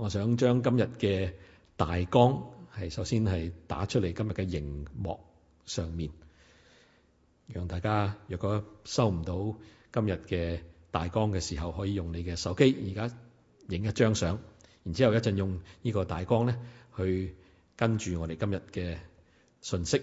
我想將今日嘅大綱係首先係打出嚟今日嘅熒幕上面，讓大家如果收唔到今日嘅大綱嘅時候，可以用你嘅手機而家影一張相，然後一陣用呢個大綱呢去跟住我哋今日嘅信息。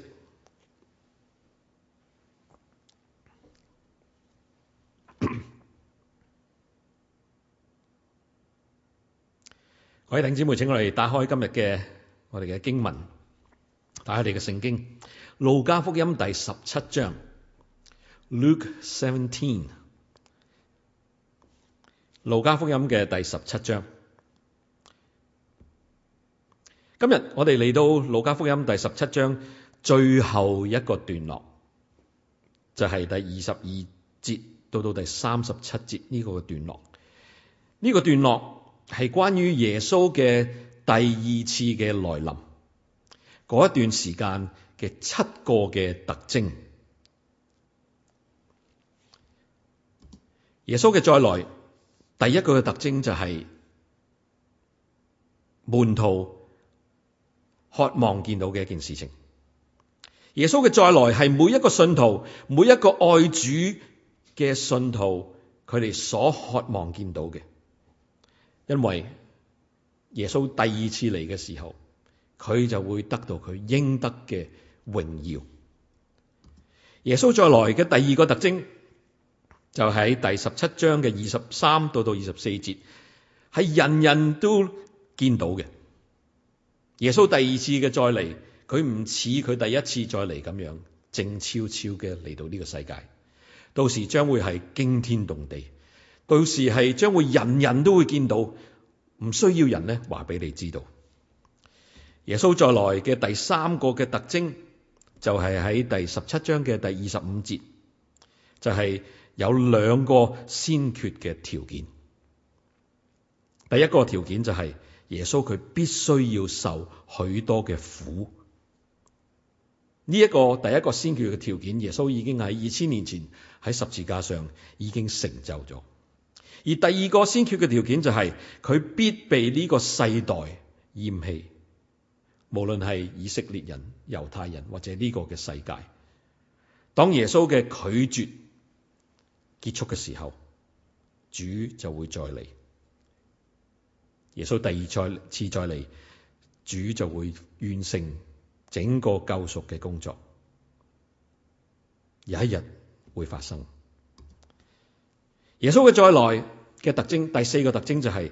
各位弟兄姊妹，請我哋打開今日嘅我哋嘅經文，打開我哋嘅聖經《路加福音》第十七章，《Luke Seventeen》《路加福音》嘅第十七章。今日我哋嚟到《路加福音》第十七章最後一個段落，就係、是、第二十二節到到第三十七節呢個段落。呢、這個段落。係關於耶穌嘅第二次嘅來臨嗰一段時間嘅七個嘅特徵。耶穌嘅再來，第一個嘅特徵就係門徒渴望見到嘅一件事情。耶穌嘅再來係每一個信徒，每一個愛主嘅信徒，佢哋所渴望見到嘅。因為耶穌第二次嚟嘅時候，佢就會得到佢應得嘅榮耀。耶穌再來嘅第二個特徵，就喺第十七章嘅二十三到到二十四節，係人人都見到嘅。耶穌第二次嘅再嚟，佢唔似佢第一次再嚟咁樣靜悄悄嘅嚟到呢個世界，到時將會係驚天動地。到時係將會人人都會見到，唔需要人咧話俾你知道。耶穌再來嘅第三個嘅特徵，就係喺第十七章嘅第二十五節，就係有兩個先決嘅條件。第一個條件就係耶穌佢必須要受許多嘅苦。呢一個第一個先決嘅條件，耶穌已經喺二千年前喺十字架上已經成就咗。而第二個先決嘅條件就係、是、佢必被呢個世代厭棄，無論係以色列人、猶太人或者呢個嘅世界。當耶穌嘅拒絕結束嘅時候，主就會再嚟。耶穌第二再次再嚟，主就會完成整個救贖嘅工作。有一日會發生。耶穌嘅再來嘅特徵，第四個特徵就係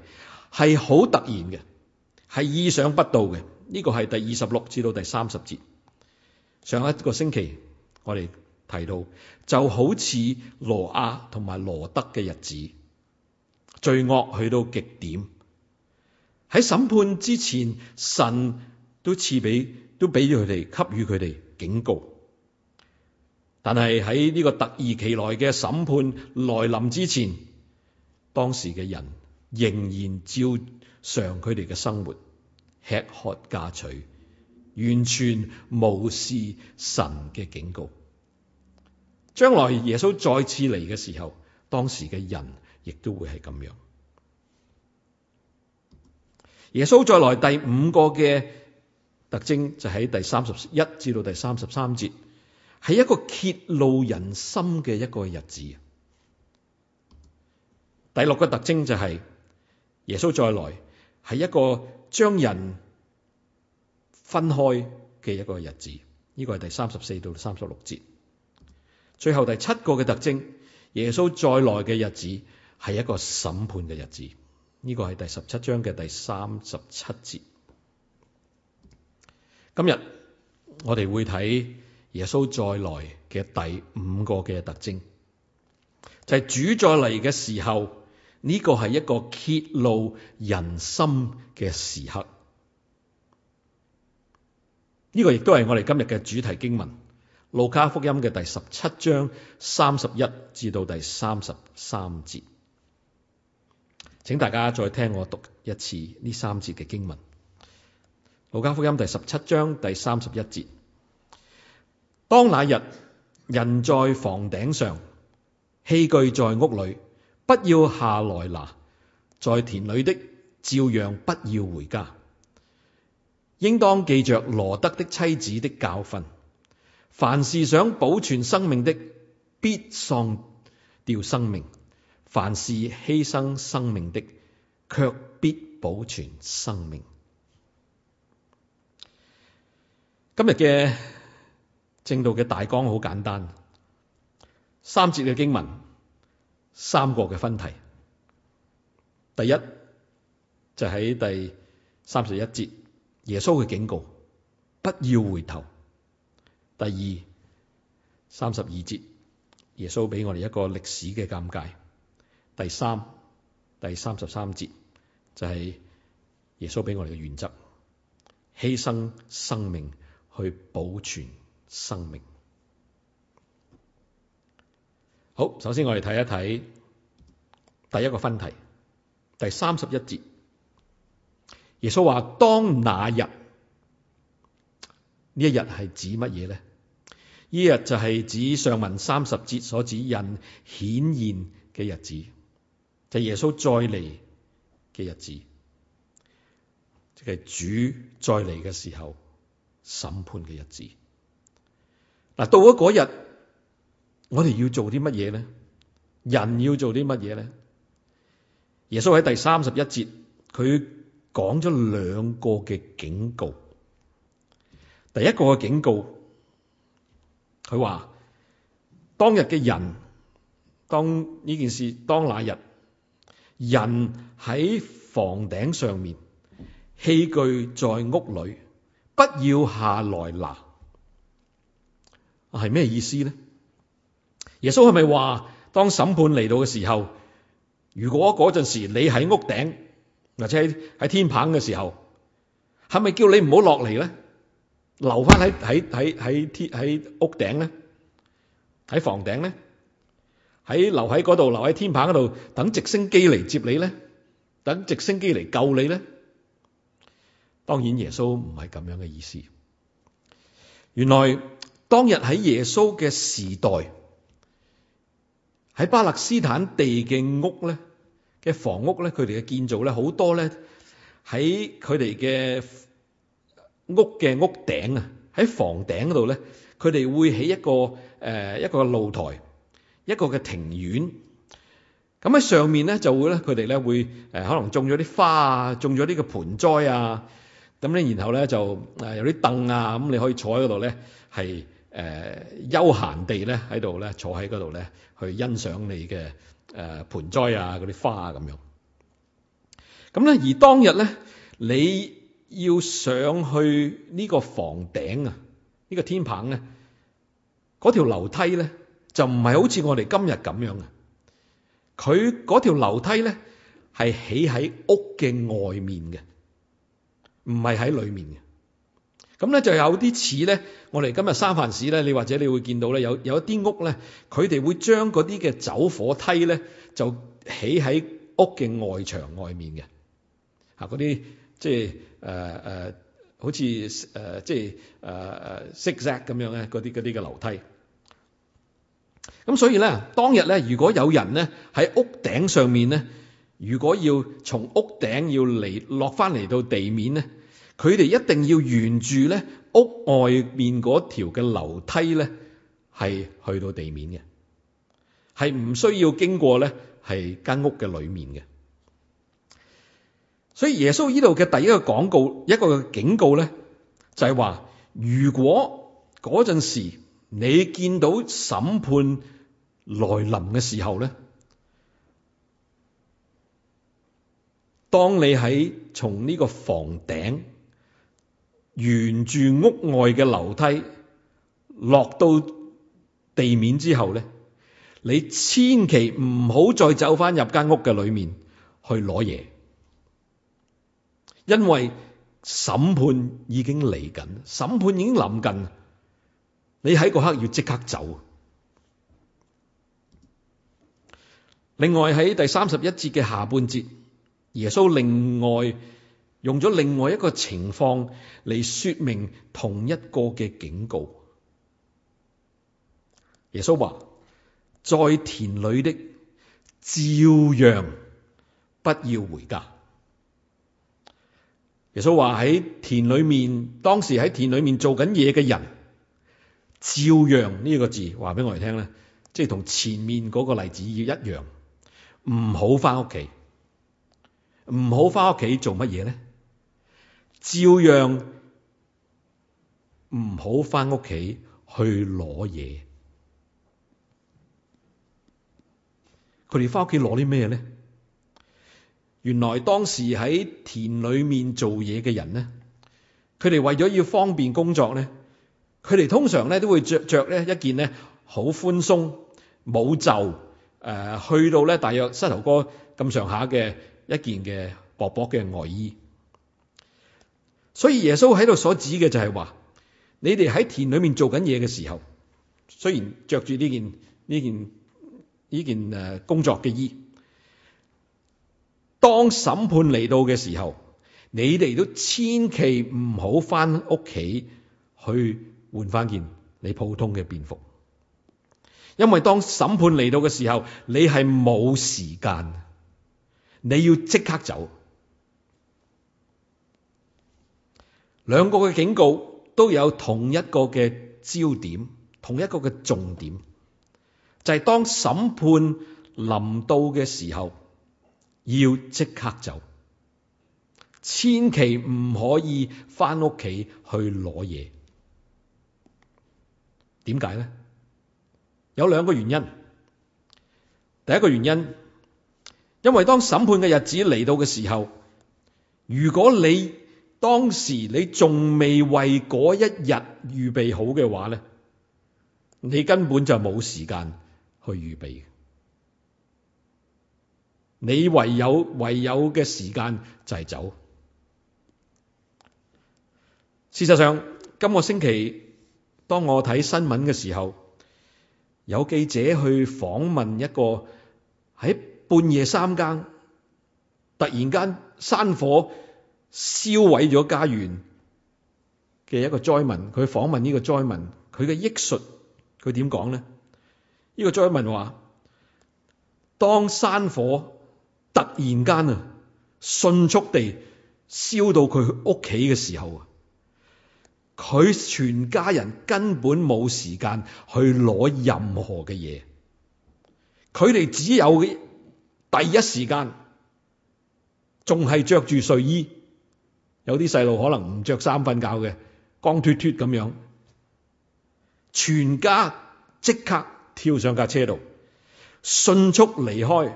係好突然嘅，係意想不到嘅。呢個係第二十六至到第三十節。上一個星期我哋提到，就好似羅亞同埋羅德嘅日子，罪惡去到極點。喺審判之前，神都賜俾都俾佢哋給予佢哋警告。但係喺呢個突如其來嘅審判來臨之前，當時嘅人仍然照常佢哋嘅生活，吃喝嫁娶，完全無視神嘅警告。將來耶穌再次嚟嘅時候，當時嘅人亦都會係咁樣。耶穌再來第五個嘅特徵就喺第三十一至到第三十三節，係一個揭露人心嘅一個日子。第六個特徵就係耶穌再來，係一個將人分開嘅一個日子。呢個係第三十四到三十六節。最後第七個嘅特徵，耶穌再來嘅日子，係一個審判嘅日子。呢個係第十七章嘅第三十七節。今日我哋會睇。耶穌再來嘅第五個嘅特徵，就係、是、主再嚟嘅時候，呢、這個係一個揭露人心嘅時刻。呢、這個亦都係我哋今日嘅主題經文，路加福音嘅第十七章三十一至到第三十三節，請大家再聽我讀一次呢三節嘅經文。路加福音第十七章第三十一節。當那日人在房頂上，器具在屋裏，不要下來拿；在田裏的，照樣不要回家。應當記着羅得的妻子的教訓：凡是想保存生命的，必喪掉生命；凡是犧牲生命的，卻必保存生命。今日嘅。正道嘅大綱好簡單，三節嘅經文，三個嘅分題。第一就喺、是、第三十一節，耶穌嘅警告，不要回頭。第二三十二節，耶穌畀我哋一個歷史嘅尷尬。第三第三十三節就係耶穌畀我哋嘅原則，犧牲生命去保存生命。好，首先我哋睇一睇第一個分題，第三十一節，耶穌話：當那日，呢一日係指乜嘢呢？呢日就係指上文三十節所指引顯現嘅日子，就係耶穌再嚟嘅日子，即係主再嚟嘅時候審判嘅日子。嗱，到咗嗰日，我哋要做啲乜嘢咧？人要做啲乜嘢咧？耶穌喺第三十一節，佢講咗兩個嘅警告。第一個嘅警告，佢話當日嘅人，當呢件事當那日，人喺房頂上面，器具在屋裏，不要下來拿。係咩意思咧？耶穌係咪話當審判嚟到嘅時候，如果嗰陣時你喺屋頂，或者喺天棚嘅時候，係咪叫你唔好落嚟咧？留翻喺喺喺喺天喺屋頂咧？喺房頂咧？喺留喺嗰度，留喺天棚嗰度等直升機嚟接你咧？等直升機嚟救你咧？當然耶穌唔係咁樣嘅意思。原來。當日喺耶穌嘅時代，喺巴勒斯坦地嘅屋咧嘅房屋咧，佢哋嘅建造咧好多咧喺佢哋嘅屋嘅屋頂啊，喺房頂嗰度咧，佢哋會起一個誒一個露台，一個嘅庭院。咁喺上面咧就會咧佢哋咧會誒可能種咗啲花啊，種咗啲嘅盆栽啊。咁咧然後咧就誒有啲凳啊，咁你可以坐喺嗰度咧係。誒、呃、悠閒地咧喺度咧坐喺嗰度咧去欣賞你嘅誒、呃、盆栽啊嗰啲花咁、啊、樣。咁咧而當日咧你要上去呢個房頂啊，呢、呢個天棚咧，嗰條樓梯咧就唔係好似我哋今日咁樣嘅。佢嗰條樓梯咧係起喺屋嘅外面嘅，唔係喺裡面嘅。咁咧就有啲似咧，我哋今日三藩市咧，你或者你會見到咧，有有一啲屋咧，佢哋會將嗰啲嘅走火梯咧，就起喺屋嘅外牆外面嘅，嚇嗰啲即係誒誒，好似誒、呃、即係誒誒，zigzag 咁樣咧，嗰啲嗰啲嘅樓梯。咁所以咧，當日咧，如果有人咧喺屋頂上面咧，如果要從屋頂要嚟落翻嚟到地面咧，佢哋一定要沿住咧屋外面嗰條嘅樓梯咧，係去到地面嘅，係唔需要經過咧係間屋嘅裏面嘅。所以耶穌呢度嘅第一個廣告，一個警告咧，就係話：如果嗰陣時你見到審判來臨嘅時候咧，當你喺從呢個房頂。沿住屋外嘅樓梯落到地面之後咧，你千祈唔好再走翻入間屋嘅裏面去攞嘢，因為審判已經嚟緊，審判已經臨近，你喺個刻要即刻走。另外喺第三十一節嘅下半節，耶穌另外。用咗另外一個情況嚟說明同一個嘅警告。耶穌話：在田裏的，照樣不要回家。耶穌話喺田裏面，當時喺田裏面做緊嘢嘅人，照樣呢個字話俾我哋聽咧，即係同前面嗰個例子要一樣要要，唔好返屋企，唔好返屋企做乜嘢咧？照樣唔好翻屋企去攞嘢。佢哋翻屋企攞啲咩咧？原來當時喺田裏面做嘢嘅人咧，佢哋為咗要方便工作咧，佢哋通常咧都會着着咧一件咧好寬鬆、冇袖誒，去到咧大約膝頭哥咁上下嘅一件嘅薄薄嘅外衣。所以耶穌喺度所指嘅就係話，你哋喺田裏面做緊嘢嘅時候，雖然着住呢件呢件呢件誒工作嘅衣，當審判嚟到嘅時候，你哋都千祈唔好翻屋企去換翻件你普通嘅便服，因為當審判嚟到嘅時候，你係冇時間，你要即刻走。兩個嘅警告都有同一個嘅焦點，同一個嘅重點，就係、是、當審判臨到嘅時候，要即刻走，千祈唔可以返屋企去攞嘢。點解呢？有兩個原因。第一個原因，因為當審判嘅日子嚟到嘅時候，如果你當時你仲未為嗰一日預備好嘅話咧，你根本就冇時間去預備。你唯有唯有嘅時間就係走。事實上，今個星期當我睇新聞嘅時候，有記者去訪問一個喺半夜三更突然間山火。燒毀咗家園嘅一個災民，佢訪問呢個災民，佢嘅憶述，佢點講呢？呢、呢個災民話：，當山火突然間啊，迅速地燒到佢屋企嘅時候，佢全家人根本冇時間去攞任何嘅嘢，佢哋只有第一時間仲係着住睡衣。有啲細路可能唔着衫瞓覺嘅，光脫脫咁樣，全家即刻跳上架車度，迅速離開，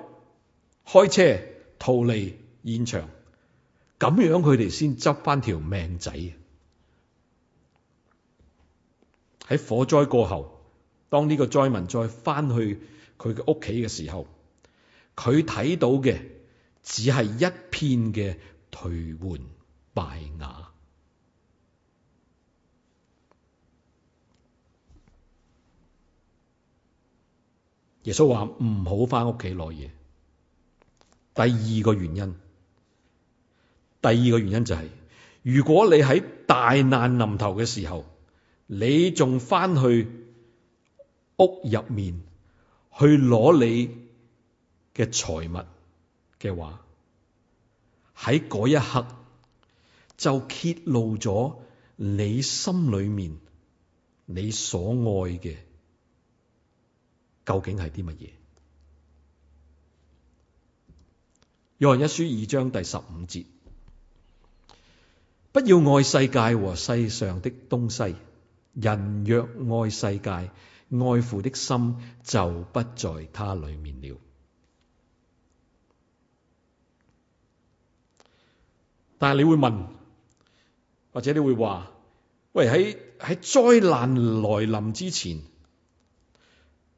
開車逃離現場。咁樣佢哋先執翻條命仔。喺火災過後，當呢個災民再翻去佢嘅屋企嘅時候，佢睇到嘅只係一片嘅頹垣。大牙，耶穌話唔好翻屋企攞嘢。第二個原因，第二個原因就係、是，如果你喺大難臨頭嘅時候，你仲翻去屋入面去攞你嘅財物嘅話，喺嗰一刻。就揭露咗你心裏面，你所愛嘅究竟係啲乜嘢？約翰一書二章第十五節：不要愛世界和世上的東西，人若愛世界，愛父的心就不在他裏面了。但係你會問：或者你會話：喂，喺喺災難來臨之前，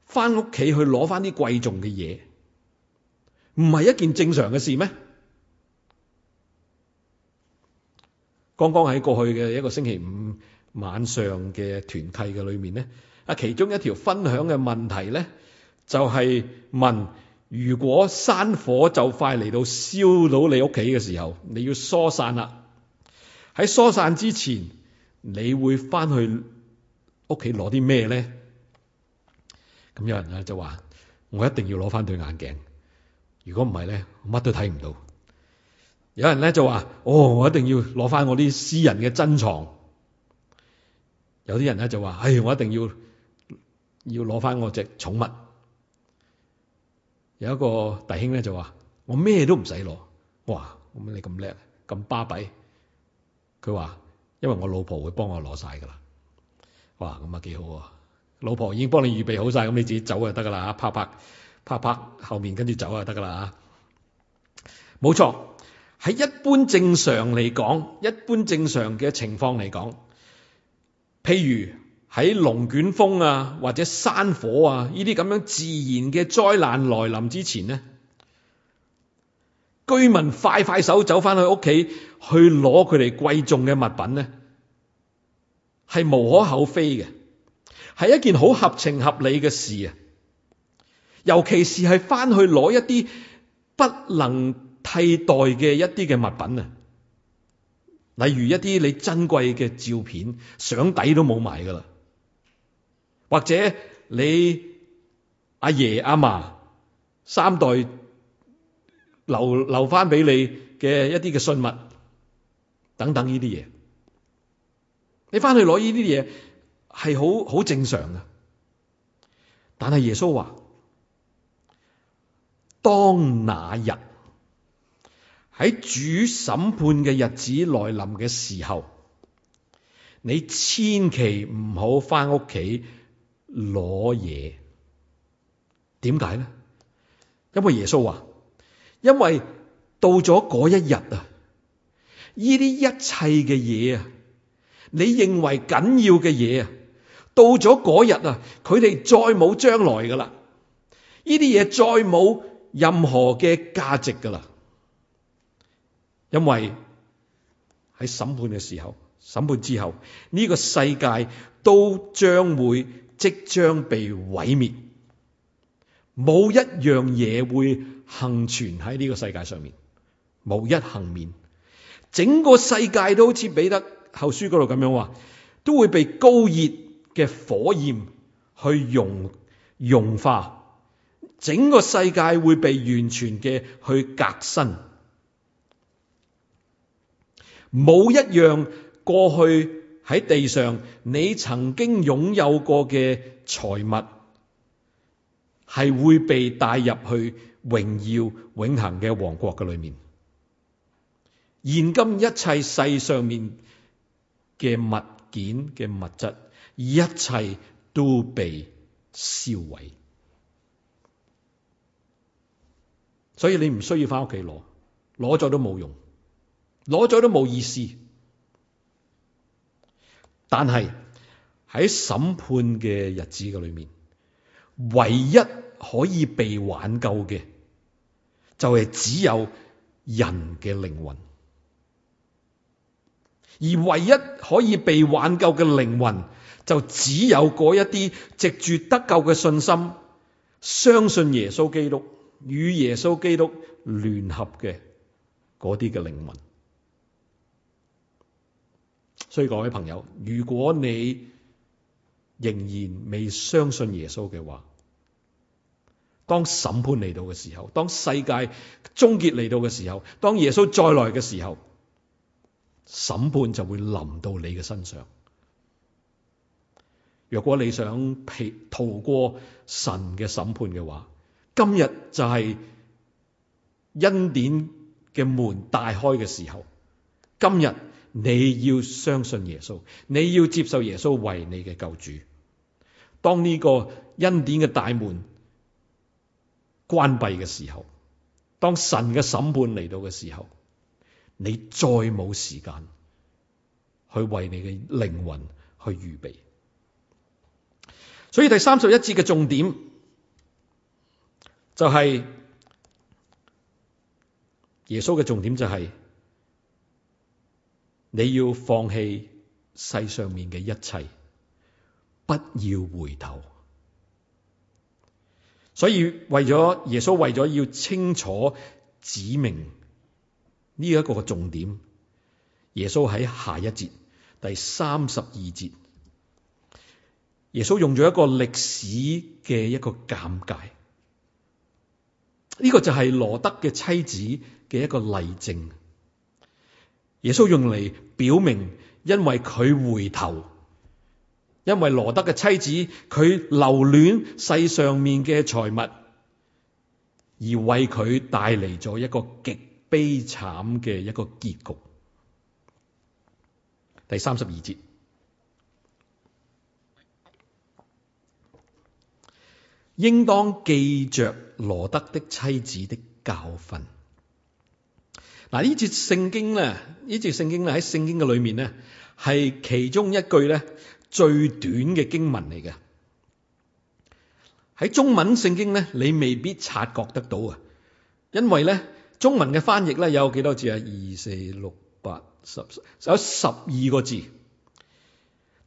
翻屋企去攞翻啲貴重嘅嘢，唔係一件正常嘅事咩？剛剛喺過去嘅一個星期五晚上嘅團契嘅裏面呢，啊，其中一條分享嘅問題呢，就係問：如果山火就快嚟到燒到你屋企嘅時候，你要疏散啦。喺疏散之前，你會翻去屋企攞啲咩咧？咁有人咧就話：我一定要攞翻對眼鏡，如果唔係咧，我乜都睇唔到。有人咧就話：哦，我一定要攞翻我啲私人嘅珍藏。有啲人咧就話：唉、哎，我一定要要攞翻我隻寵物。有一個弟兄咧就話：我咩都唔使攞。哇，咁你咁叻，咁巴閉。佢話，因為我老婆會幫我攞晒噶啦，哇，咁啊幾好，啊，老婆已經幫你預備好晒，咁你自己走就得噶啦，啪啪啪啪後面跟住走就得噶啦，冇錯，喺一般正常嚟講，一般正常嘅情況嚟講，譬如喺龍捲風啊或者山火啊呢啲咁樣自然嘅災難來臨之前呢。居民快快手走翻去屋企去攞佢哋貴重嘅物品呢係無可厚非嘅，係一件好合情合理嘅事啊！尤其是係翻去攞一啲不能替代嘅一啲嘅物品啊，例如一啲你珍貴嘅照片、相底都冇埋噶啦，或者你阿爺阿嫲三代。留留翻畀你嘅一啲嘅信物等等呢啲嘢，你翻去攞呢啲嘢係好好正常㗎。但係耶穌話：當那日喺主審判嘅日子來臨嘅時候，你千祈唔好翻屋企攞嘢。點解咧？因為耶穌話。因為到咗嗰一日啊，呢啲一切嘅嘢啊，你認為緊要嘅嘢啊，到咗嗰日啊，佢哋再冇將來㗎喇，呢啲嘢再冇任何嘅價值㗎喇。因為喺審判嘅時候，審判之後，呢個世界都將會即將被毀滅，冇一樣嘢會。幸存喺呢個世界上面，冇一幸免。整個世界都好似彼得後書嗰度咁樣話，都會被高熱嘅火焰去融融化，整個世界會被完全嘅去革新。冇一樣過去喺地上你曾經擁有過嘅財物，係會被帶入去榮耀永恒嘅王國嘅裏面。現今一切世上面嘅物件嘅物質，一切都被銷毀，所以你唔需要翻屋企攞，攞咗都冇用，攞咗都冇意思。但是。但係喺審判嘅日子嘅裏面。唯一可以被挽救嘅，就係只有人嘅靈魂，而唯一可以被挽救嘅靈魂，就只有嗰一啲藉住得救嘅信心，相信耶穌基督與耶穌基督聯合嘅嗰啲嘅靈魂。所以各位朋友，如果你仍然未相信耶穌嘅話，當審判嚟到嘅時候，當世界終結嚟到嘅時候，當耶穌再來嘅時候，審判就會臨到你嘅身上。如果你想逃過神嘅審判嘅話，今日就係恩典嘅門大開嘅時候。今日你要相信耶穌，你要接受耶穌為你嘅救主。當呢個恩典嘅大門，關閉嘅時候，當神嘅審判嚟到嘅時候，你再冇時間去為你嘅靈魂去預備。所以第三十一節嘅重點就係耶穌嘅重點就係你要放棄世上面嘅一切，不要回頭。所以為咗耶穌為咗要清楚指明呢一個嘅重點，耶穌喺下一節第三十二節，耶穌用咗一個歷史嘅一個鑒戒，呢個就係羅德嘅妻子嘅一個例證。耶穌用嚟表明，因為佢回頭。因為羅德嘅妻子佢留戀世上面嘅財物，而為佢帶嚟咗一個極悲慘嘅一個結局。第三十二節，應當記着羅德的妻子的教訓。嗱，呢節聖經咧，呢節聖經咧喺聖經嘅裏面咧係其中一句咧。最短嘅經文嚟嘅，喺中文聖經呢，你未必察覺得到啊，因為呢中文嘅翻譯呢，有幾多字啊？二四六八十，有十二個字。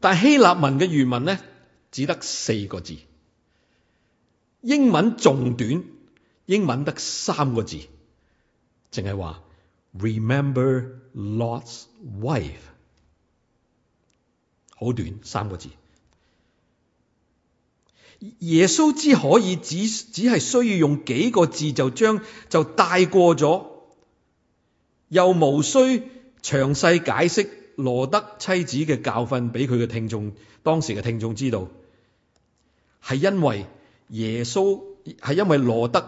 但希臘文嘅原文呢，只得四個字。英文仲短，英文得三個字，淨係話 Remember Lot's Wife。好短，三個字，耶穌只可以只只係需要用幾個字就將就帶過咗，又無需詳細解釋羅德妻子嘅教訓俾佢嘅聽眾，當時嘅聽眾知道，係因為耶穌係因為羅德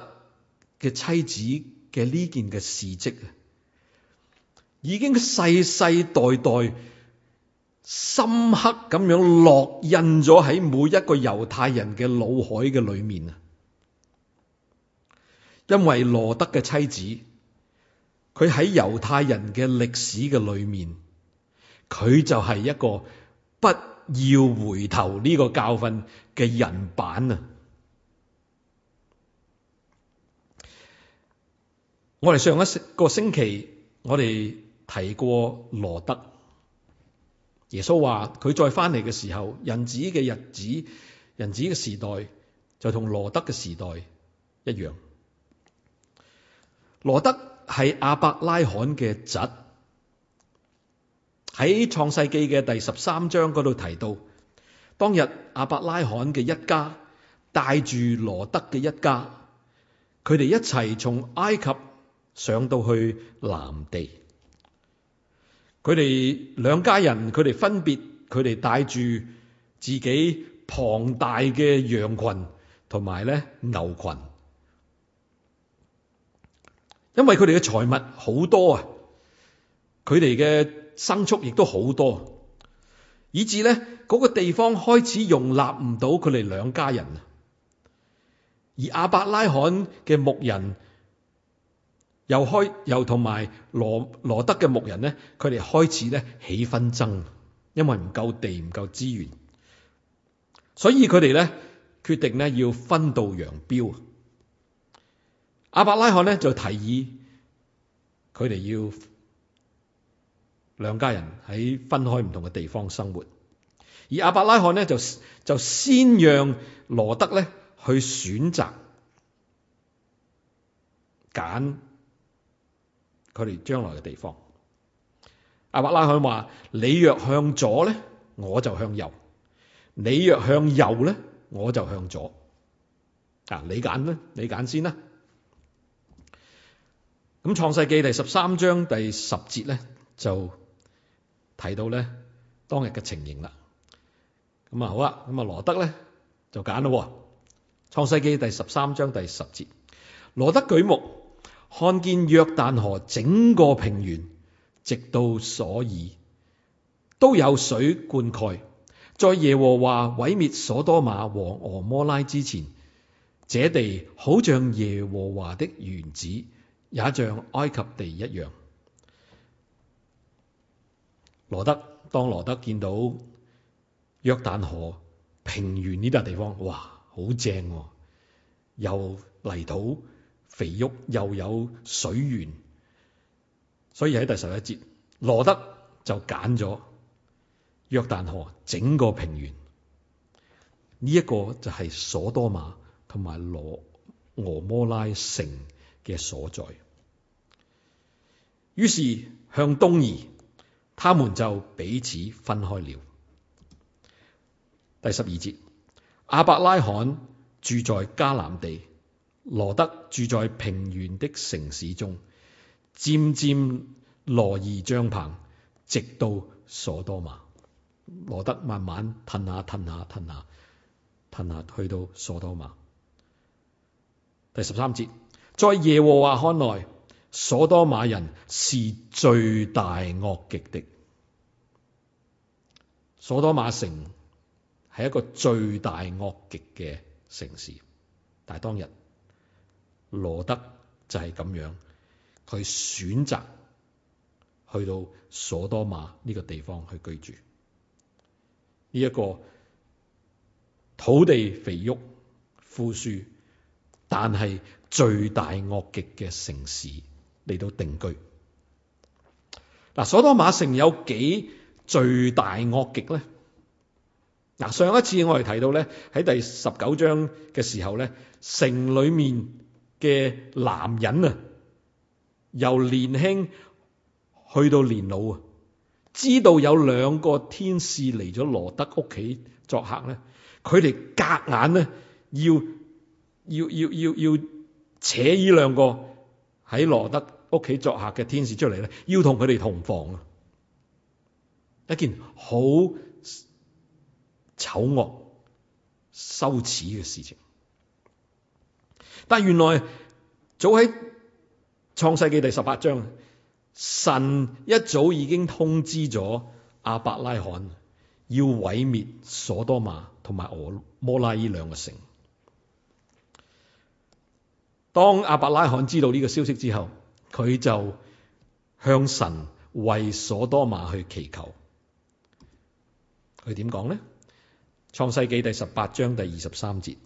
嘅妻子嘅呢件嘅事跡啊，已經世世代代代，深刻咁樣烙印咗喺每一個猶太人嘅腦海嘅裏面啊！因為羅德嘅妻子，佢喺猶太人嘅歷史嘅裏面，佢就係一個不要回頭呢個教訓嘅人版啊！我哋上一星個星期，我哋提過羅德。耶穌話：佢再翻嚟嘅時候，人子嘅日子、人子嘅時代就同羅德嘅時代一樣。羅德係亞伯拉罕嘅侄，喺創世記嘅第十三章嗰度提到，當日亞伯拉罕嘅一家帶住羅德嘅一家，佢哋一齊從埃及上到去南地。佢哋兩家人，佢哋分別，佢哋帶住自己龐大嘅羊群同埋咧牛群，因為佢哋嘅財物好多啊，佢哋嘅牲畜亦都好多，以至呢嗰個地方開始容納唔到佢哋兩家人，而亞伯拉罕嘅牧人。又開又同埋羅羅德嘅牧人呢，佢哋開始呢起紛爭，因為唔夠地唔夠資源，所以佢哋呢決定呢要分道揚鑣。阿伯拉罕呢就提議，佢哋要兩家人喺分開唔同嘅地方生活，而阿伯拉罕呢就就先讓羅德呢去選擇揀。佢哋將來嘅地方，阿伯拉罕話：你若向左咧，我就向右；你若向右咧，我就向左。啊，你揀呢？你揀先啦。咁《創世記》第十三章第十節咧，就睇到咧當日嘅情形啦。咁啊好啦，咁啊羅德咧就揀咯，《創世記》第十三章第十節，羅德舉目。看見約旦河整個平原，直到所珥，都有水灌溉。在耶和華毀滅所多瑪和俄摩拉之前，這地好像耶和華的園子，也像埃及地一樣。羅德當羅德見到約旦河平原呢笪地方，哇，好正喎，有泥土，肥沃又有水源，所以喺第十一節，羅得就揀咗約旦河整個平原，呢、這、一個就係所多瑪同埋羅俄摩拉城嘅所在。於是向東移，他們就彼此分開了。第十二節，亞伯拉罕住在迦南地。羅德住在平原的城市中，漸漸挪移帳棚，直到所多瑪。羅德慢慢褪下褪下褪下褪下去到所多瑪。第十三節，在耶和華看來，所多瑪人是最大惡極的。所多瑪城係一個最大惡極嘅城市，但係當日。羅德就係咁樣，佢選擇去到索多瑪呢個地方去居住。呢、這、一個土地肥沃、富庶，但係最大惡極嘅城市嚟到定居。嗱，所多瑪城有幾最大惡極咧？嗱，上一次我哋提到咧，喺第十九章嘅時候咧，城裡面。嘅男人啊，由年輕去到年老啊，知道有兩個天使嚟咗羅德屋企作客咧，佢哋隔硬咧要要要要要扯呢兩個喺羅德屋企作客嘅天使出嚟咧，要同佢哋同房啊，一件好醜惡羞恥嘅事情。但原來早喺創世紀第十八章，神一早已經通知咗亞伯拉罕要毀滅所多瑪同埋俄摩拉呢兩個城。當亞伯拉罕知道呢個消息之後，佢就向神為所多瑪去祈求。佢點講呢？創世紀第十八章第二十三節。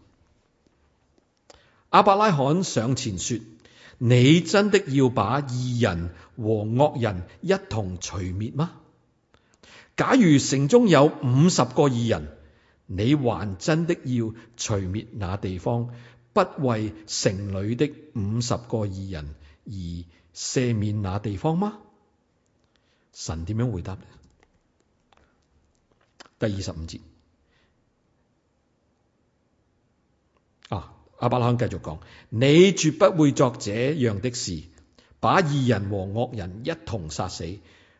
亞伯拉罕上前說：你真的要把義人和惡人一同除滅嗎？假如城中有五十個義人，你還真的要除滅那地方，不為城裏的五十個義人而赦免那地方嗎？神點樣回答呢？第二十五節。阿伯拉罕繼續講：你絕不會作這樣的事，把義人和惡人一同殺死，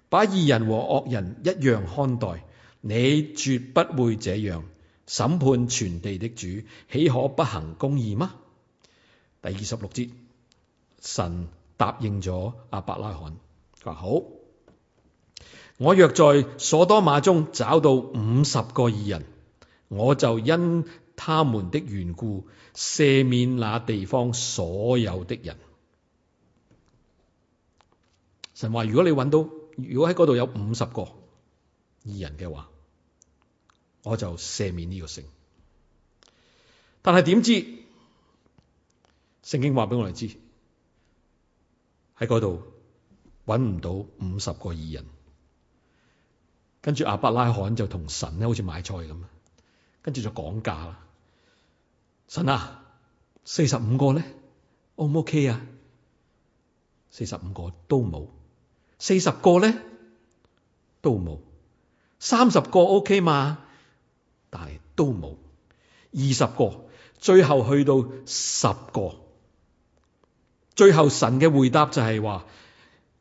把義人和惡人一樣看待。你絕不會這樣審判全地的主，豈可不行公義嗎？第二十六節，神答應咗阿伯拉罕，話好，我若在所多瑪中找到五十個義人，我就因他們的緣故，赦免那地方所有的人。神話：如果你揾到，如果喺嗰度有五十個義人嘅話，我就赦免呢個城。但係點知，聖經話俾我哋知，喺嗰度揾唔到五十個義人。跟住亞伯拉罕就同神咧，好似買菜咁，跟住就講價啦。神啊，四十五個咧 ok 唔 ok 啊？四十五個都冇，四十個咧都冇，三十個 ok 嘛？但係都冇，二十個，最後去到十個，最後神嘅回答就係話：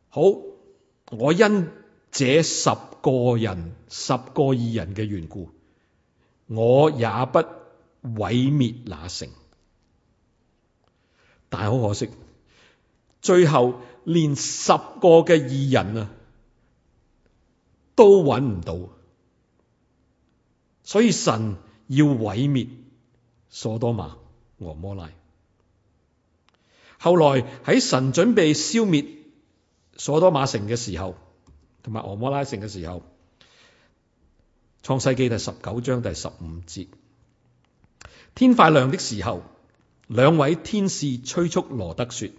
好，我因這十個人、十個義人嘅緣故，我也不。毀滅那城，但係好可惜，最後連十個嘅義人啊，都揾唔到，所以神要毀滅索多瑪俄摩拉。後來喺神準備消滅索多瑪城嘅時候，同埋俄摩拉城嘅時候，《創世紀》第十九章第十五節。天快亮的時候，兩位天使催促羅德說：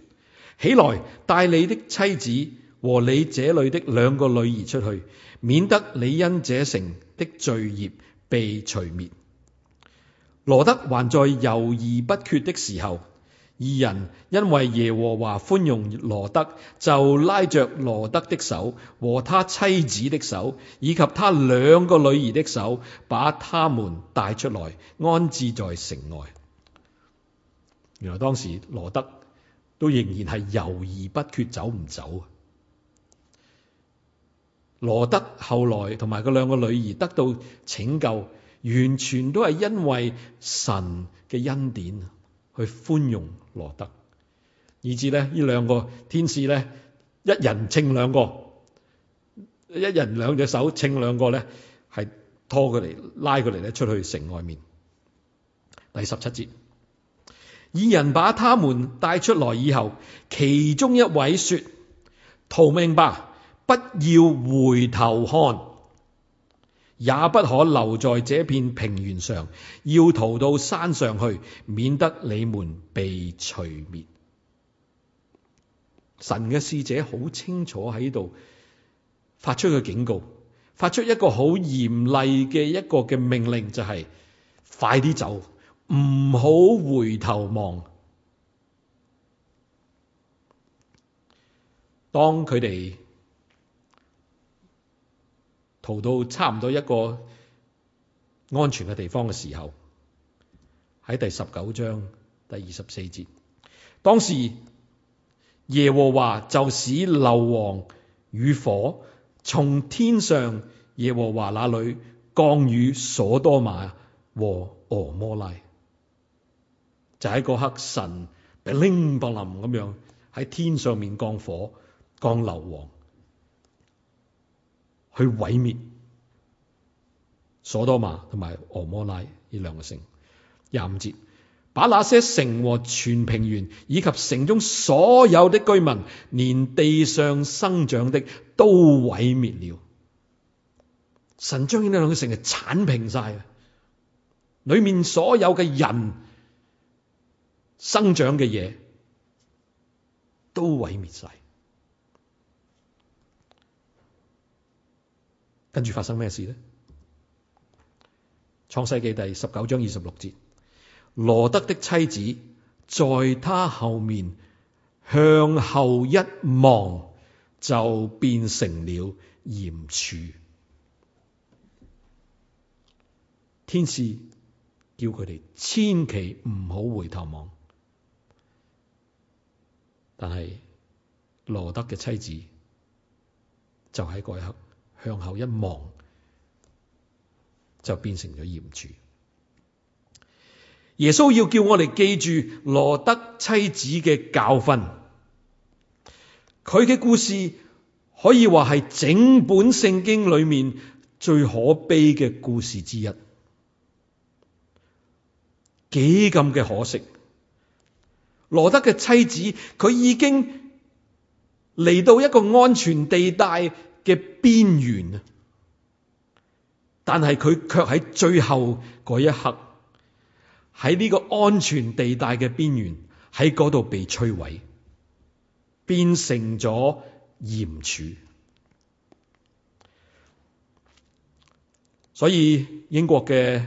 起來帶你的妻子和你這裡的兩個女兒，出去，免得你因這城的罪孽被除滅。羅德還在猶豫不決的時候。二人因為耶和華寬容羅得，就拉着羅得的手和他妻子的手以及他兩個女兒的手，把他們帶出來安置在城外。原來當時羅得都仍然係猶豫不決走不走，走唔走啊？羅得後來同埋佢兩個女兒得到拯救，完全都係因為神嘅恩典。去寬容羅德，以至呢，呢兩個天使呢，一人稱兩個，一人兩隻手稱兩個呢，係拖佢嚟拉佢嚟咧出去城外面。第十七節，二人把他們帶出來以後，其中一位說：逃命吧，不要回頭看。也不可留在這片平原上，要逃到山上去，免得你們被除滅。神嘅使者好清楚喺度發出個警告，發出一個好嚴厲嘅一個嘅命令，就係、是、快啲走，唔好回頭望。當佢哋。逃到差唔多一個安全嘅地方嘅時候，喺第十九章第二十四節，當時耶和華就使硫磺與火從天上耶和華那裏降與所多瑪和俄摩拉，就喺嗰刻神噼鈴柏林咁樣喺天上面降火降硫磺。去毀滅所多瑪同埋俄摩拉呢兩個城。廿五節，把那些城和全平原以及城中所有的居民，連地上生長的都毀滅了。神將呢兩個城係鏟平晒，裏面所有嘅人、生長嘅嘢都毀滅晒。跟住發生咩事咧？創世紀第十九章二十六節：羅德的妻子在他後面向後一望，就變成了鹽柱。天使叫佢哋千祈唔好回頭望，但係羅德嘅妻子就喺嗰一刻。向後一望，就變成咗鹽柱。耶穌要叫我哋記住羅德妻子嘅教訓，佢嘅故事可以話係整本聖經裏面最可悲嘅故事之一。幾咁嘅可惜，羅德嘅妻子，佢已經嚟到一個安全地帶嘅邊緣，但係佢卻喺最後嗰一刻，喺呢個安全地帶嘅邊緣，喺嗰度被摧毀，變成咗鹽柱。所以英國嘅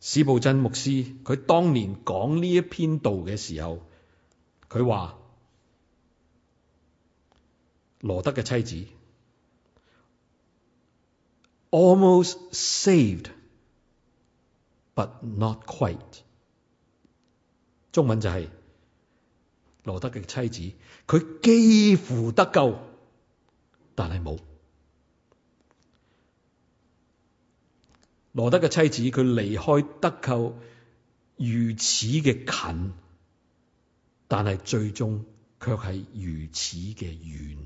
史布珍牧師，佢當年講呢一篇道嘅時候，佢話。羅德嘅妻子，almost saved, but not quite。中文就係、是、羅德嘅妻子，佢幾乎得救，但係冇。羅德嘅妻子，佢離開得救如此嘅近，但係最終卻係如此嘅遠。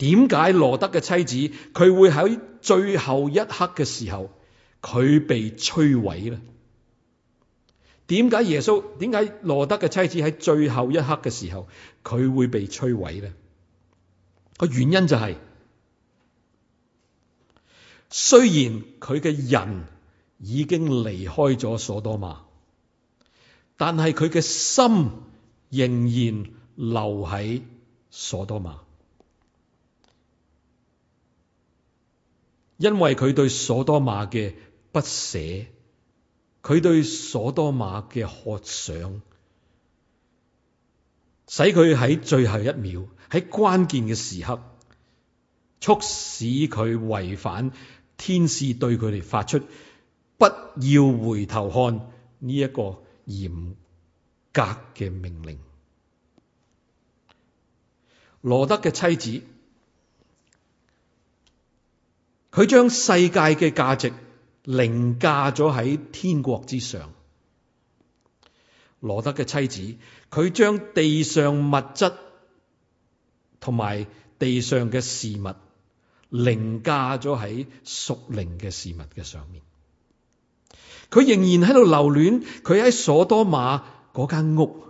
點解羅德嘅妻子，佢會喺最後一刻嘅時候佢被摧毀呢？點解耶穌，點解羅德嘅妻子喺最後一刻嘅時候佢會被摧毀呢？個原因就係，雖然佢嘅人已經離開咗所多瑪，但係佢嘅心仍然留喺所多瑪。因為佢對所多瑪嘅不捨，佢對所多瑪嘅渴想，使佢喺最後一秒，喺關鍵嘅時刻，促使佢違反天使對佢哋發出不要回頭看呢一個嚴格嘅命令。羅德嘅妻子。佢將世界嘅價值凌駕咗喺天國之上。羅德嘅妻子，佢將地上物質同埋地上嘅事物凌駕咗喺屬靈嘅事物嘅上面。佢仍然喺度留戀佢喺所多瑪嗰間屋，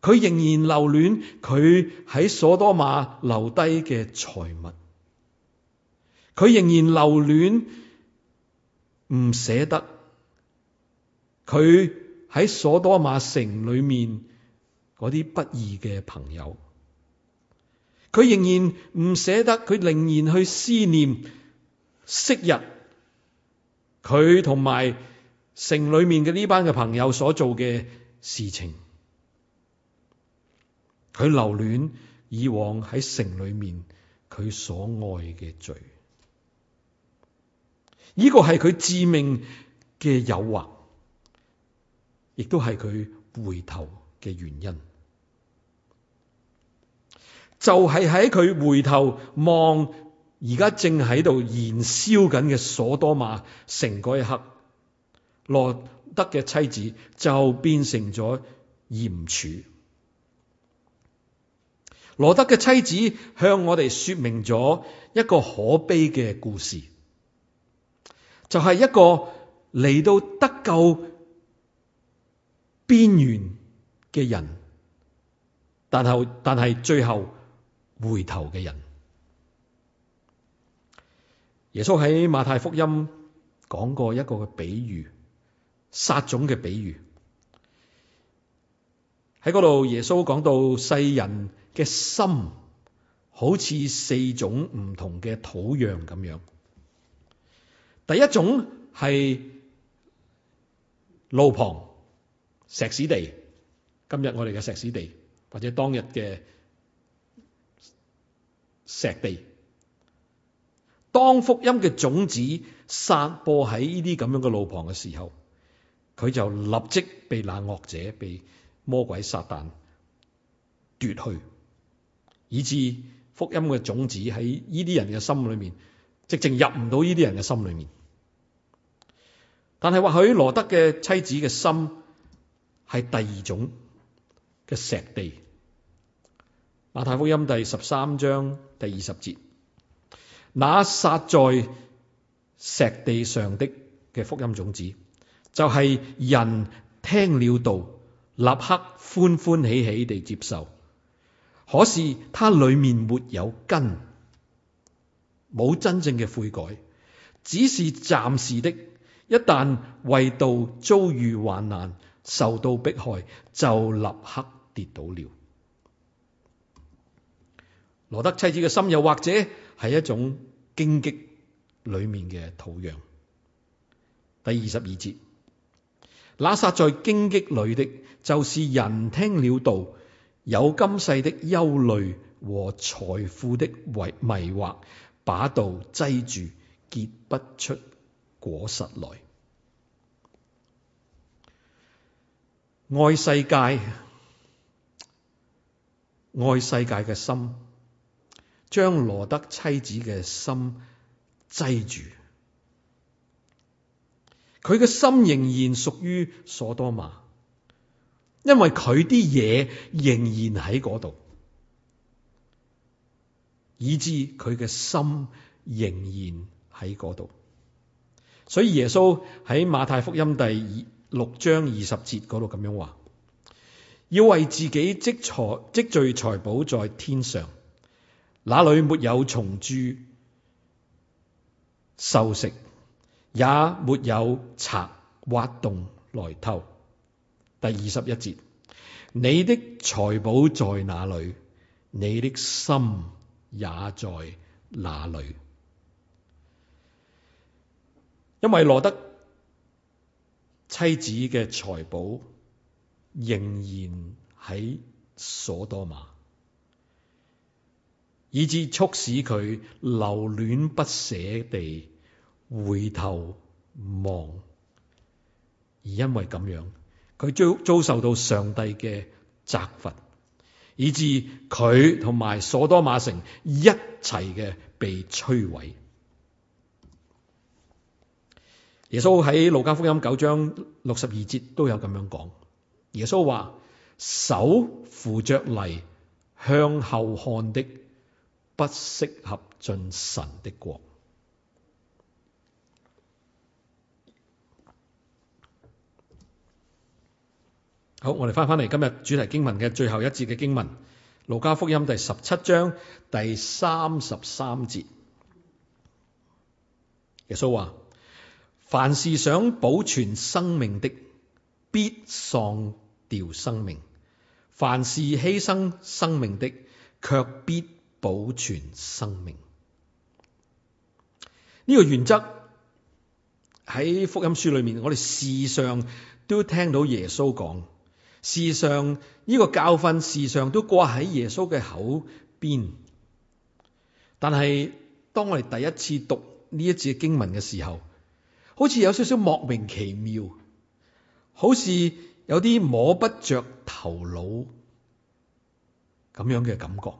佢仍然留戀佢喺所多瑪留低嘅財物。佢仍然留戀，唔捨得佢喺所多瑪城裏面嗰啲不義嘅朋友。佢仍然唔捨得，佢寧願去思念昔日佢同埋城裏面嘅呢班嘅朋友所做嘅事情。佢留戀以往喺城裏面佢所愛嘅罪。呢個係佢致命嘅誘惑，亦都係佢回頭嘅原因。就係喺佢回頭望而家正喺度燃燒緊嘅索多瑪城嗰一刻，羅德嘅妻子就變成咗鹽柱。羅德嘅妻子向我哋說明咗一個可悲嘅故事。就係一個嚟到得救邊緣嘅人，但係但係最後回頭嘅人。耶穌喺馬太福音講過一個嘅比喻，撒種嘅比喻。喺嗰度耶穌講到世人嘅心好似四種唔同嘅土壤咁樣。第一種係路旁、石屎地，今日我哋嘅石屎地，或者當日嘅石地，當福音嘅種子撒播喺呢啲咁樣嘅路旁嘅時候，佢就立即被那惡者、被魔鬼、撒旦奪去，以致福音嘅種子喺呢啲人嘅心裏面，直情入唔到呢啲人嘅心裏面。但係或許羅德嘅妻子嘅心係第二種嘅石地。馬太福音第十三章第二十節，那撒在石地上的嘅福音種子，就係、是、人聽了道，立刻歡歡喜喜地接受。可是它裏面沒有根，冇真正嘅悔改，只是暫時的。一旦為道遭遇患難，受到迫害，就立刻跌倒了。羅得妻子嘅心，又或者係一種荊棘裏面嘅土壤。第二十二節，那撒在荊棘裏的，就是人聽了道，有今世的憂慮和財富的迷惑，把道擠住，結不出果實。來愛世界，愛世界嘅心，將羅德妻子嘅心擠住。佢嘅心仍然屬於所多瑪，因為佢啲嘢仍然喺嗰度，以致佢嘅心仍然喺嗰度。所以耶穌喺馬太福音第六章二十節嗰度咁樣話：要為自己積財積聚財寶在天上，那裏沒有蟲蛀、鏽蝕，也沒有賊挖洞來偷。第二十一節：你的財寶在哪裏，你的心也在哪裏。因為羅得妻子嘅財寶仍然喺所多瑪，以致促使佢留戀不捨地回頭望，而因為咁樣，佢遭遭受到上帝嘅責罰，以致佢同埋所多瑪城一齊嘅被摧毀。耶穌喺路加福音九章六十二節都有咁樣講。耶穌話：手扶著犁，向後看的，不適合進神的國。好，我哋翻翻嚟今日主題經文嘅最後一節嘅經文，路加福音第十七章第三十三節。耶穌話。凡是想保存生命的，必喪掉生命；凡是犧牲生命的，卻必保存生命。呢個原則喺福音書裏面，我哋時常都聽到耶穌講，時常，呢個教訓，時常都掛喺耶穌嘅口邊。但係當我哋第一次讀呢一節經文嘅時候，好似有少少莫名其妙，好似有啲摸不着頭腦咁樣嘅感覺。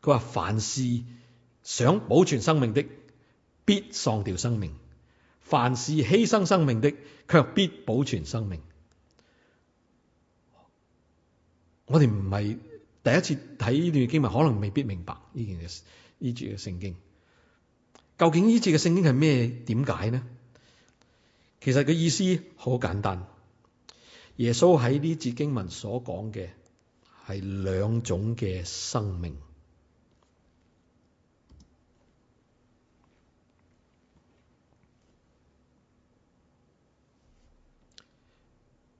佢話：凡是想保存生命的，必喪掉生命；凡是犧牲生命的，卻必保存生命。我哋唔係第一次睇呢段經文，可能未必明白呢件嘢，呢節嘅聖經。究竟呢節嘅聖經係咩？點解呢？其實嘅意思好簡單，耶穌喺呢節經文所講嘅係兩種嘅生命，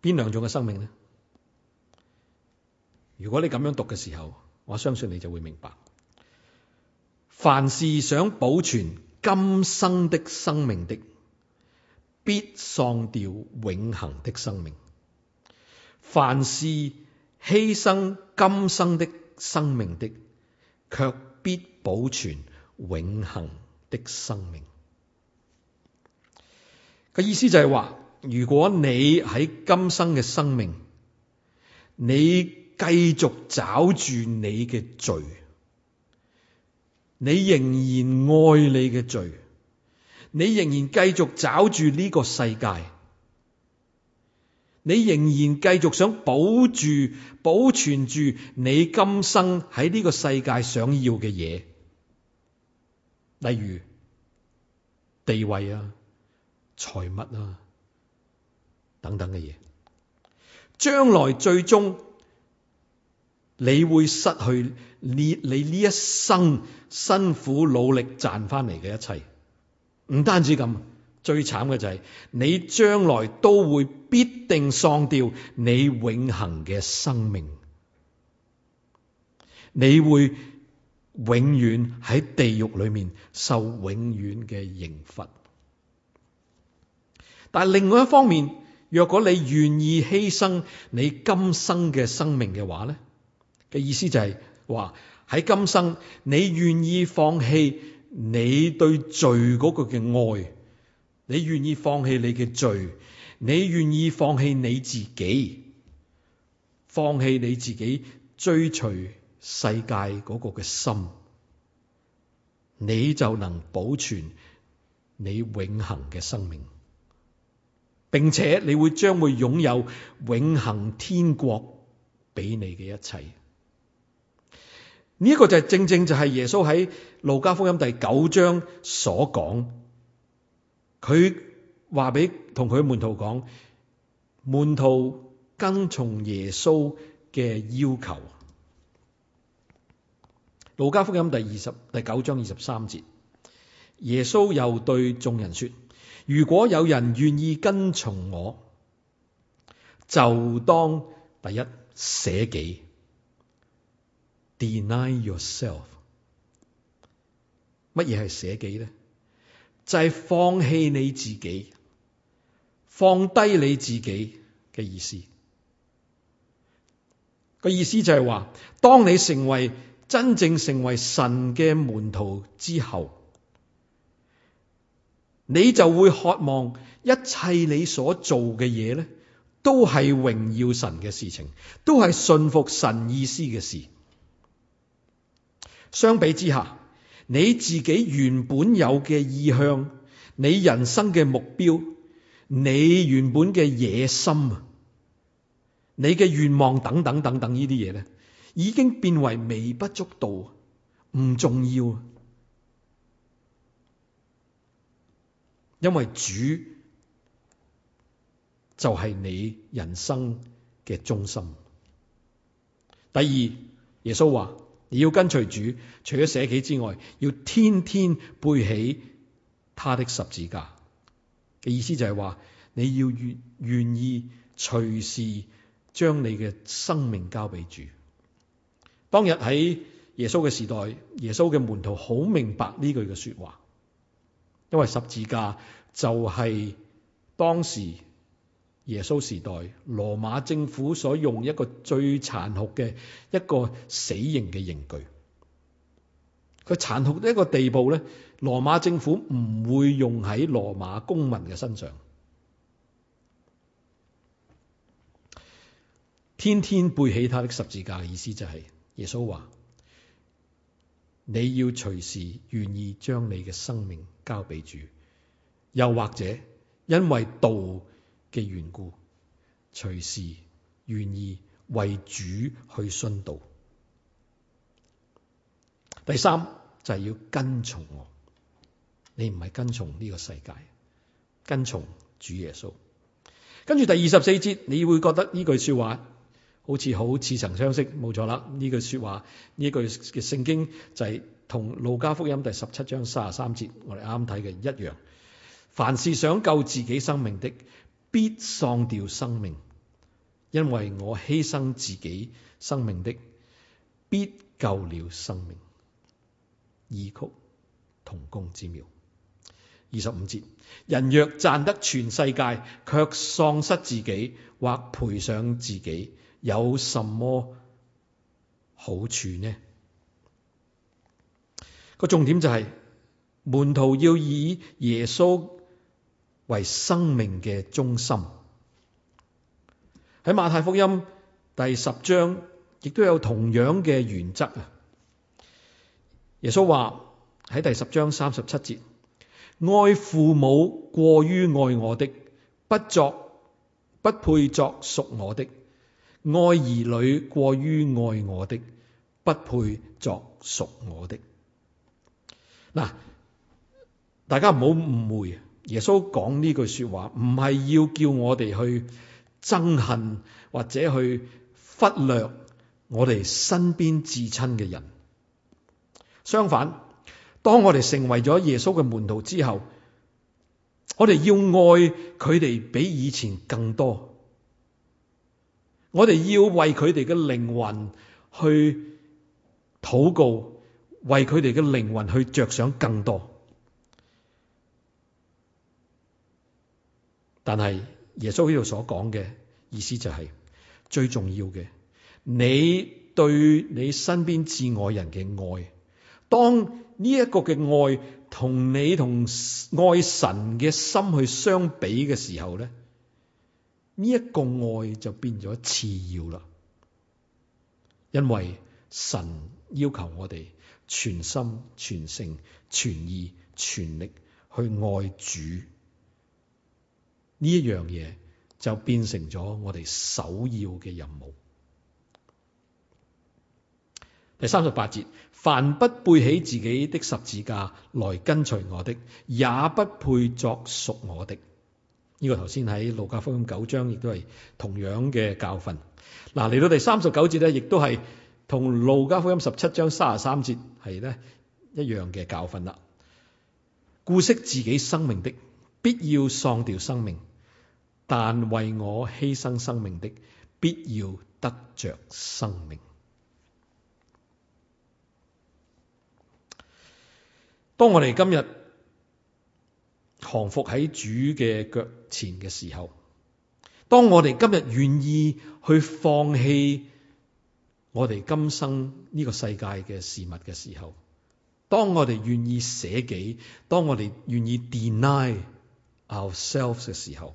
邊兩種嘅生命呢？如果你咁樣讀嘅時候，我相信你就會明白，凡是想保存今生的生命的，必喪掉永恒的生命。凡是犧牲今生的生命的，卻必保存永恒的生命。個意思就係話，如果你喺今生嘅生命，你繼續找住你嘅罪，你仍然愛你嘅罪，你仍然繼續找住呢個世界，你仍然繼續想保住、保存住你今生喺呢個世界想要嘅嘢，例如地位啊、財物啊等等嘅嘢。將來最終，你會失去你你呢一生辛苦努力賺返嚟嘅一切。唔單止咁，最慘嘅就係你將來都會必定喪掉你永恒嘅生命，你會永遠喺地獄裏面受永遠嘅刑罰。但另外一方面，若果你願意犧牲你今生嘅生命嘅話呢，嘅意思就係話喺今生你願意放棄。你對罪嗰個嘅愛，你願意放棄你嘅罪，你願意放棄你自己，放棄你自己追隨世界嗰個嘅心，你就能保存你永恒嘅生命，並且你會將會擁有永恒天國俾你嘅一切。呢、這個就係正正就係耶穌喺路加福音第九章所講，佢話俾同佢門徒講，門徒跟從耶穌嘅要求。路加福音第二十第九章二十三節，耶穌又對眾人說：如果有人願意跟從我，就當第一捨己。Deny yourself，乜嘢係捨己呢？就係、是、放棄你自己，放低你自己嘅意思。個意思就係話，當你成為真正成為神嘅門徒之後，你就會渴望一切你所做嘅嘢呢，都係榮耀神嘅事情，都係信服神意思嘅事。相比之下，你自己原本有嘅意向，你人生嘅目標，你原本嘅野心啊，你嘅願望等等等等呢啲嘢咧，已經變為微不足道，唔重要啊。因為主就係你人生嘅中心。第二，耶穌話。你要跟隨主，除咗捨己之外，要天天背起他的十字架，嘅意思就係話，你要願願意隨時將你嘅生命交畀主。當日喺耶穌嘅時代，耶穌嘅門徒好明白呢句嘅說話，因為十字架就係當時。耶穌時代羅馬政府所用一個最殘酷嘅一個死刑嘅刑具，佢殘酷到一個地步呢，羅馬政府唔會用喺羅馬公民嘅身上。天天背起他的十字架嘅意思就係、是、耶穌話：你要隨時願意將你嘅生命交俾主，又或者因為道。嘅緣故，隨時願意為主去殉道。第三就係、是、要跟從我，你唔係跟從呢個世界，跟從主耶穌。跟住第二十四節，你會覺得呢句說話好似好似曾相識，冇錯啦。呢句說話，呢句嘅聖經就係同路加福音第十七章三十三節，我哋啱啱睇嘅一樣。凡是想救自己生命的。必喪掉生命，因為我犧牲自己生命的，必救了生命。異曲同工之妙。二十五節，人若賺得全世界，卻喪失自己，或賠上自己，有什麼好處呢？個重點就係、是、門徒要以耶穌。為生命嘅中心，喺馬太福音第十章，亦都有同樣嘅原則啊！耶穌話喺第十章三十七節：愛父母過於愛我的，不作不配作屬我的；愛兒女過於愛我的，不配作屬我的。嗱，大家唔好誤會耶穌講呢句說話，唔係要叫我哋去憎恨或者去忽略我哋身邊至親嘅人。相反，當我哋成為咗耶穌嘅門徒之後，我哋要愛佢哋比以前更多。我哋要為佢哋嘅靈魂去禱告，為佢哋嘅靈魂去着想更多。但係耶穌喺度所講嘅意思就係、是、最重要嘅，你對你身邊至愛人嘅愛，當呢一個嘅愛同你同愛神嘅心去相比嘅時候呢，呢一個愛就變咗次要啦，因為神要求我哋全心全性全意全力去愛主。呢一樣嘢就變成咗我哋首要嘅任務。第三十八節，凡不背起自己的十字架來跟隨我的，也不配作屬我的。呢個頭先喺路加福音九章亦都係同樣嘅教訓。嗱，嚟到第三十九節咧，亦都係同路加福音十七章三十三節係咧一樣嘅教訓啦。顧惜自己生命的，必要喪掉生命。但為我犧牲生命的，必要得着生命。當我哋今日降服喺主嘅腳前嘅時候，當我哋今日願意去放棄我哋今生呢個世界嘅事物嘅時候，當我哋願意捨己，當我哋願意 deny ourselves 嘅時候，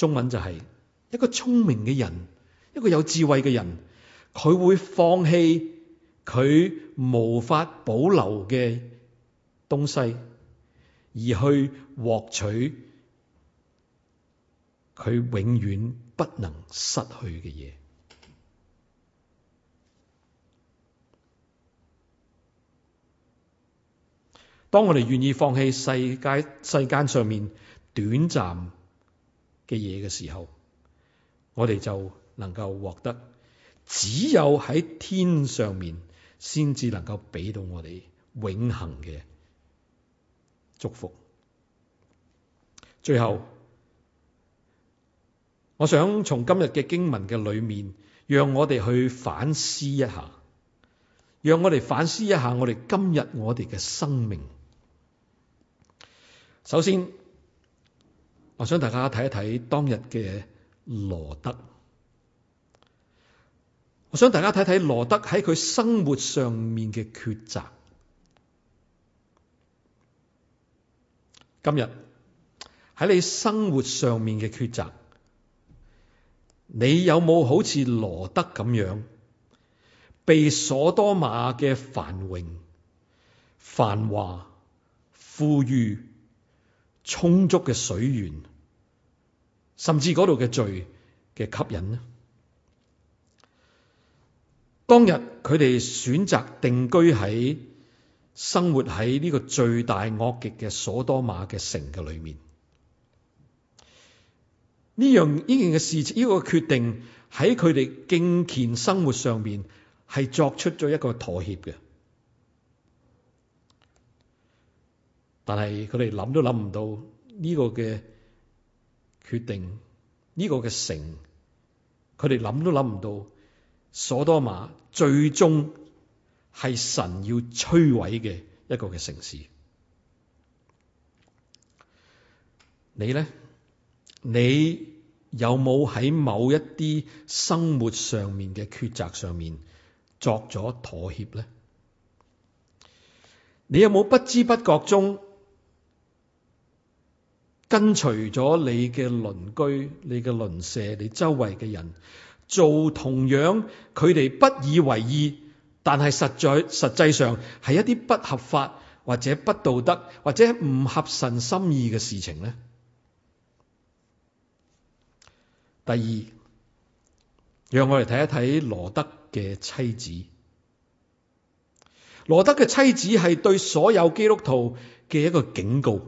中文就係、是、一個聰明嘅人，一個有智慧嘅人，佢會放棄佢無法保留嘅東西，而去獲取佢永遠不能失去嘅嘢。當我哋願意放棄世界、世間上面短暫嘅嘢嘅時候，我哋就能夠獲得，只有喺天上面先至能夠俾到我哋永恒嘅祝福。最後，我想從今日嘅經文嘅裏面，讓我哋去反思一下，讓我哋反思一下我哋今日我哋嘅生命。首先。我想大家睇一睇當日嘅羅德。我想大家睇睇羅德喺佢生活上面嘅抉擇。今日喺你生活上面嘅抉擇，你有冇好似羅德咁樣被所多馬嘅繁榮、繁華、富裕、充足嘅水源？甚至嗰度嘅罪嘅吸引呢？當日佢哋選擇定居喺生活喺呢個最大惡極嘅所多瑪嘅城嘅裏面，呢樣呢件嘅事情，呢個決定喺佢哋敬虔生活上面係作出咗一個妥協嘅。但係佢哋諗都諗唔到呢個嘅。決定呢個嘅城，佢哋諗都諗唔到，所多瑪最終係神要摧毀嘅一個嘅城市。你呢？你有冇喺某一啲生活上面嘅抉擇上面作咗妥協呢？你有冇不知不覺中？跟隨咗你嘅鄰居、你嘅鄰舍、你周圍嘅人，做同樣佢哋不以為意，但係實在實際上係一啲不合法或者不道德或者唔合神心意嘅事情呢。第二，讓我哋睇一睇羅德嘅妻子。羅德嘅妻子係對所有基督徒嘅一個警告。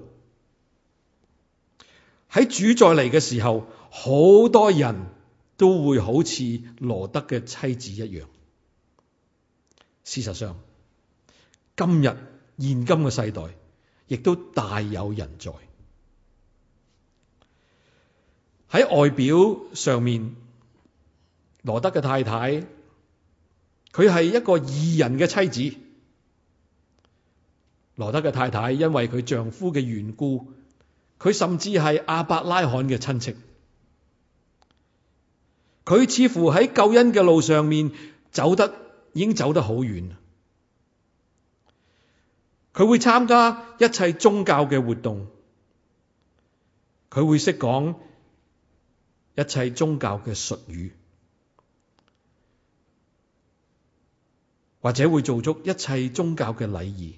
喺主再嚟嘅時候，好多人都會好似羅德嘅妻子一樣。事實上，今日現今嘅世代，亦都大有人在。喺外表上面，羅德嘅太太，佢係一個義人嘅妻子。羅德嘅太太因為佢丈夫嘅緣故。佢甚至係亞伯拉罕嘅親戚，佢似乎喺救恩嘅路上面走得已經走得好遠。佢會參加一切宗教嘅活動，佢會識講一切宗教嘅術語，或者會做足一切宗教嘅禮儀。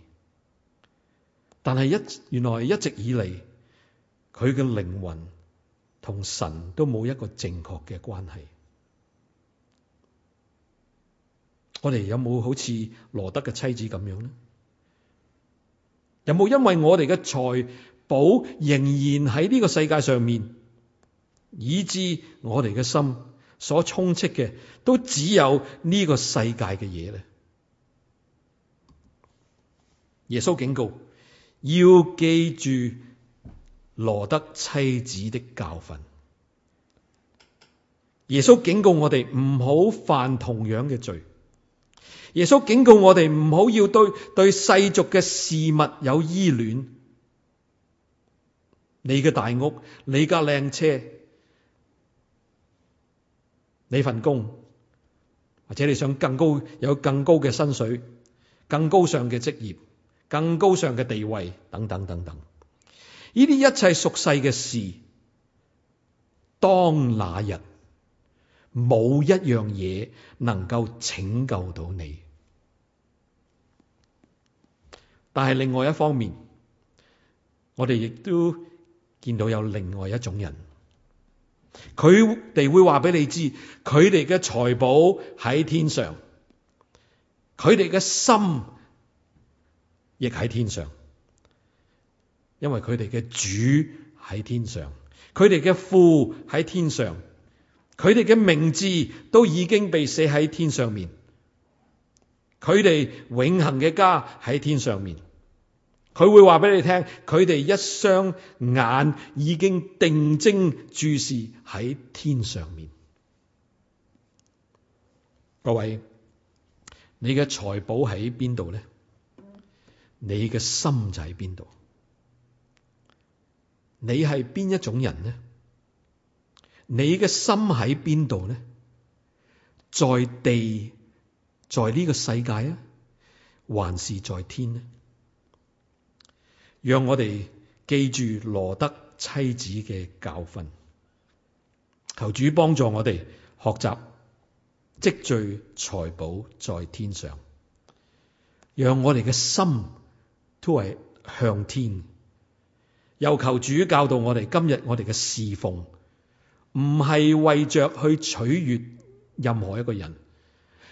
但係一原來一直以嚟。佢嘅靈魂同神都冇一個正確嘅關係，我哋有冇好似羅德嘅妻子咁樣呢？有冇因為我哋嘅財寶仍然喺呢個世界上面，以至我哋嘅心所充斥嘅都只有呢個世界嘅嘢咧？耶穌警告，要記住。羅得妻子的教訓，耶穌警告我哋唔好犯同樣嘅罪。耶穌警告我哋唔好要對對世俗嘅事物有依戀。你嘅大屋，你架靚車，你份工，或者你想更高有更高嘅薪水，更高尚嘅職業，更高尚嘅地位，等等等等。呢啲一切俗世嘅事，當那日冇一樣嘢，能夠拯救到你。但係另外一方面，我哋亦都見到有另外一種人，佢哋會話俾你知，佢哋嘅財寶喺天上，佢哋嘅心亦喺天上。因為佢哋嘅主喺天上，佢哋嘅父喺天上，佢哋嘅名字都已經被寫喺天上面，佢哋永恆嘅家喺天上面。佢會話俾你聽，佢哋一雙眼已經定睛注視喺天上面。各位，你嘅財寶喺邊度呢？你嘅心就喺邊度？你係邊一種人呢？你嘅心喺邊度呢？在地，在呢個世界啊，還是在天呢？讓我哋記住羅德妻子嘅教訓，求主幫助我哋學習積聚財寶在天上，讓我哋嘅心都係向天。又求主教導我哋，今日我哋嘅侍奉唔係為着去取悅任何一個人，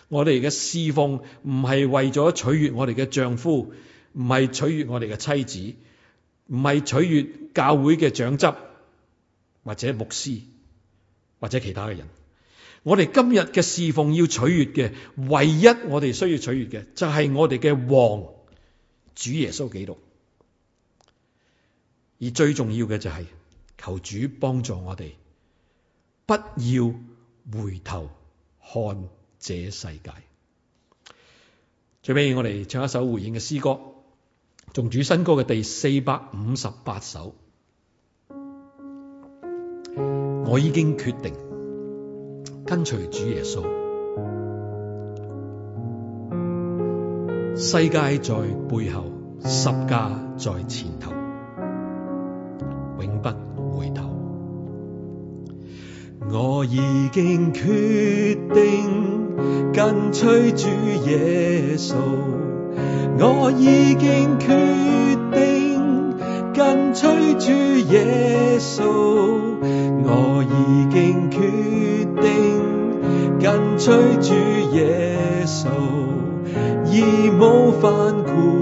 我哋嘅侍奉唔係為咗取悅我哋嘅丈夫，唔係取悅我哋嘅妻子，唔係取悅教會嘅長執或者牧師或者其他嘅人。我哋今日嘅侍奉要取悅嘅，唯一我哋需要取悅嘅就係我哋嘅王主耶穌基督。而最重要嘅就係求主幫助我哋，不要回頭看這世界。最尾我哋唱一首回應嘅詩歌，頌主新歌嘅第四百五十八首。我已經決定跟隨主耶穌，世界在背後，十架在前頭。我已經決定跟隨住耶穌，我已經決定跟隨住耶穌，我已經決定跟隨住耶穌，義無反顧。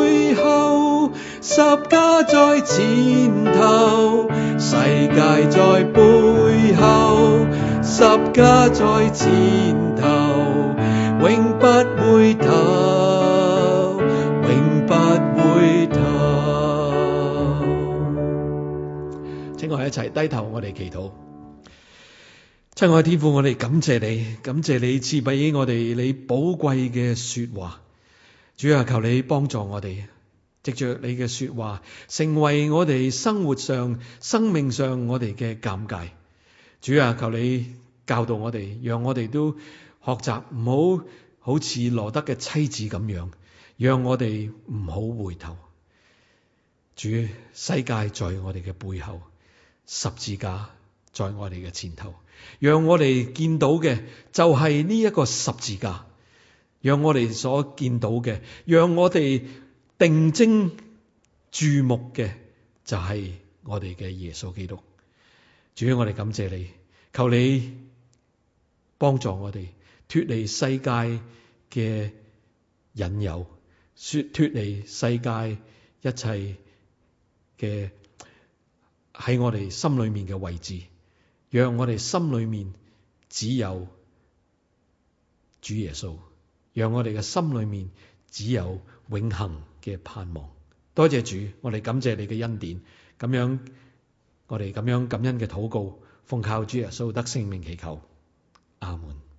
十架在前頭，世界在背後。十架在前頭，永不回頭，永不回頭。請我一齊低頭，我哋祈禱。親愛天父，我哋感謝你，感謝你賜俾我哋你寶貴嘅說話。主啊，求你幫助我哋。藉着你嘅說話，成為我哋生活上、生命上我哋嘅鑒戒。主啊，求你教導我哋，讓我哋都學習唔好好似羅得嘅妻子咁樣，讓我哋唔好回頭。主，世界在我哋嘅背後，十字架在我哋嘅前頭，讓我哋見到嘅就係呢一個十字架，讓我哋所見到嘅，讓我哋。定睛注目嘅就係我哋嘅耶穌基督，主啊，我哋感謝你，求你幫助我哋脫離世界嘅引誘，脱脫離世界一切嘅喺我哋心裏面嘅位置，讓我哋心裏面只有主耶穌，讓我哋嘅心裏面只有永恆。嘅盼望，多謝主，我哋感謝你嘅恩典，咁樣我哋咁樣感恩嘅禱告，奉靠主耶穌得聖名祈求，阿門。